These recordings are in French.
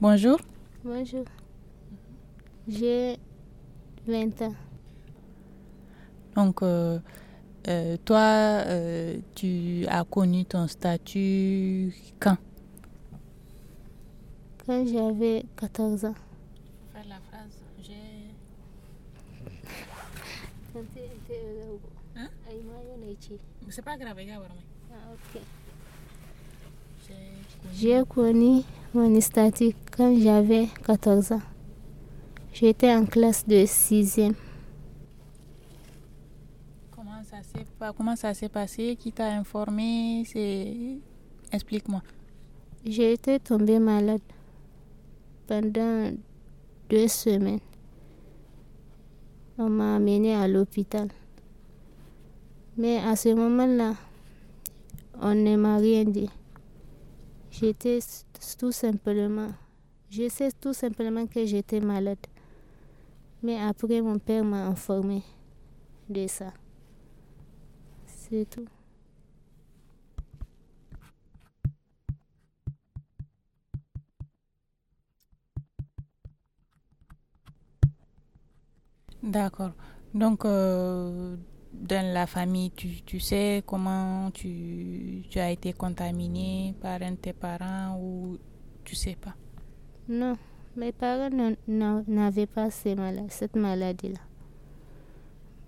Bonjour. Bonjour. J'ai 20 ans. Donc, euh, euh, toi, euh, tu as connu ton statut quand Quand j'avais 14 ans. Faire la phrase, j'ai... hein? C'est pas grave, il y a Ah, ok. J'ai connu mon statique quand j'avais 14 ans. J'étais en classe de 6e. Comment ça s'est, passé Qui t'a informé Explique-moi. J'ai été tombée malade pendant deux semaines. On m'a amenée à l'hôpital. Mais à ce moment-là, on ne m'a rien dit. J'étais tout simplement, je sais tout simplement que j'étais malade. Mais après, mon père m'a informé de ça. C'est tout. D'accord. Donc, euh, dans la famille, tu, tu sais comment tu, tu, as été contaminé par un de tes parents ou tu sais pas Non, mes parents n'avaient pas cette maladie-là.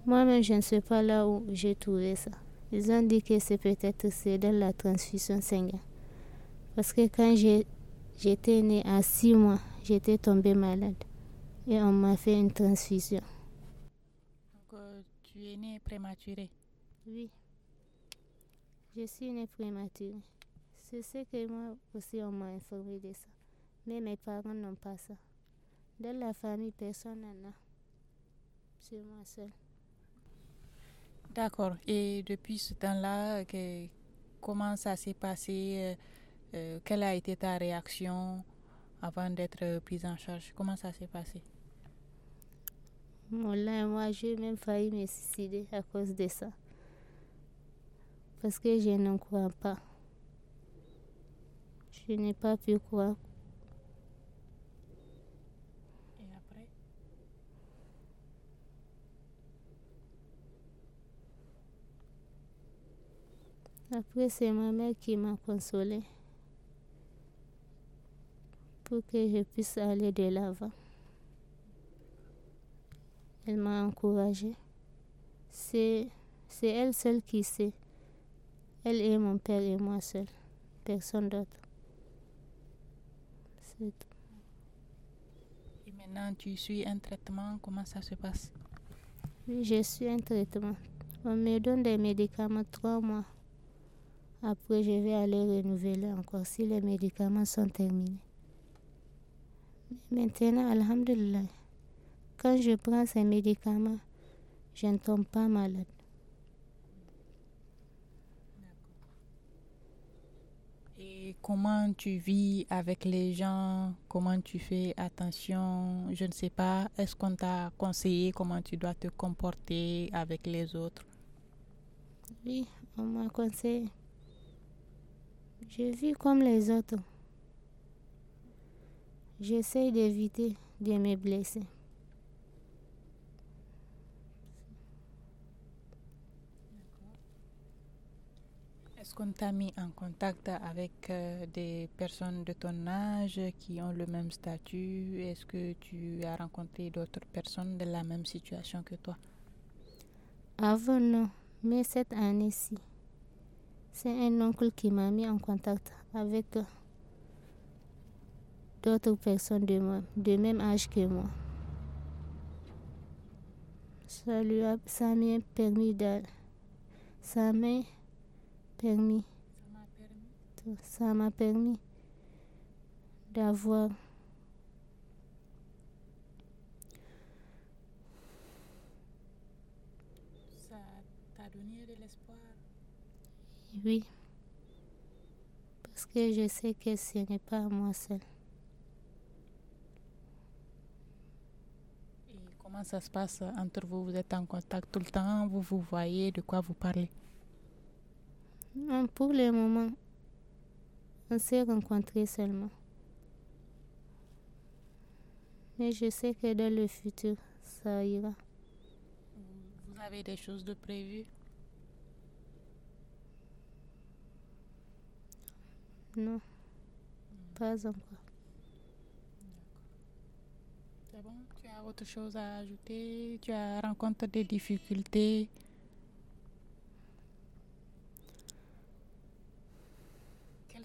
Moi-même, je ne sais pas là où j'ai trouvé ça. Ils ont dit que c'est peut-être c'est dans la transfusion sanguine. Parce que quand j'étais née à six mois, j'étais tombée malade et on m'a fait une transfusion. Tu es née prématurée Oui. Je suis née prématurée. C'est ce que moi aussi on m'a informé de ça. Mais mes parents n'ont pas ça. Dans la famille, personne n'en a. C'est moi seule. D'accord. Et depuis ce temps-là, comment ça s'est passé euh, euh, Quelle a été ta réaction avant d'être prise en charge Comment ça s'est passé moi moi, j'ai même failli me suicider à cause de ça. Parce que je n'en crois pas. Je n'ai pas pu croire. Et après Après, c'est ma mère qui m'a consolée pour que je puisse aller de l'avant. Elle m'a encouragée. C'est, c'est elle seule qui sait. Elle est mon père et moi seule. Personne d'autre. C'est tout. Et maintenant, tu suis un traitement. Comment ça se passe Oui, je suis un traitement. On me donne des médicaments trois mois. Après, je vais aller renouveler encore si les médicaments sont terminés. Maintenant, Alhamdulillah quand je prends ces médicaments, je ne tombe pas malade. Et comment tu vis avec les gens Comment tu fais attention Je ne sais pas. Est-ce qu'on t'a conseillé comment tu dois te comporter avec les autres Oui, on m'a conseillé. Je vis comme les autres. J'essaie d'éviter de me blesser. Est-ce qu'on t'a mis en contact avec euh, des personnes de ton âge qui ont le même statut Est-ce que tu as rencontré d'autres personnes de la même situation que toi Avant, non. Mais cette année-ci, c'est un oncle qui m'a mis en contact avec euh, d'autres personnes de, même âge que moi. Ça lui a, permis de, ça m'a permis, ça m'a permis d'avoir ça t'a donné de l'espoir oui parce que je sais que ce n'est pas moi seule et comment ça se passe entre vous vous êtes en contact tout le temps vous vous voyez de quoi vous parlez pour le moment, on s'est rencontrés seulement. Mais je sais que dans le futur, ça ira. Vous avez des choses de prévues Non, pas encore. tu as autre chose à ajouter Tu as rencontré des difficultés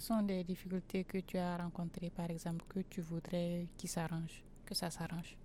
sont les difficultés que tu as rencontrées, par exemple, que tu voudrais qu'ils s'arrange, que ça s'arrange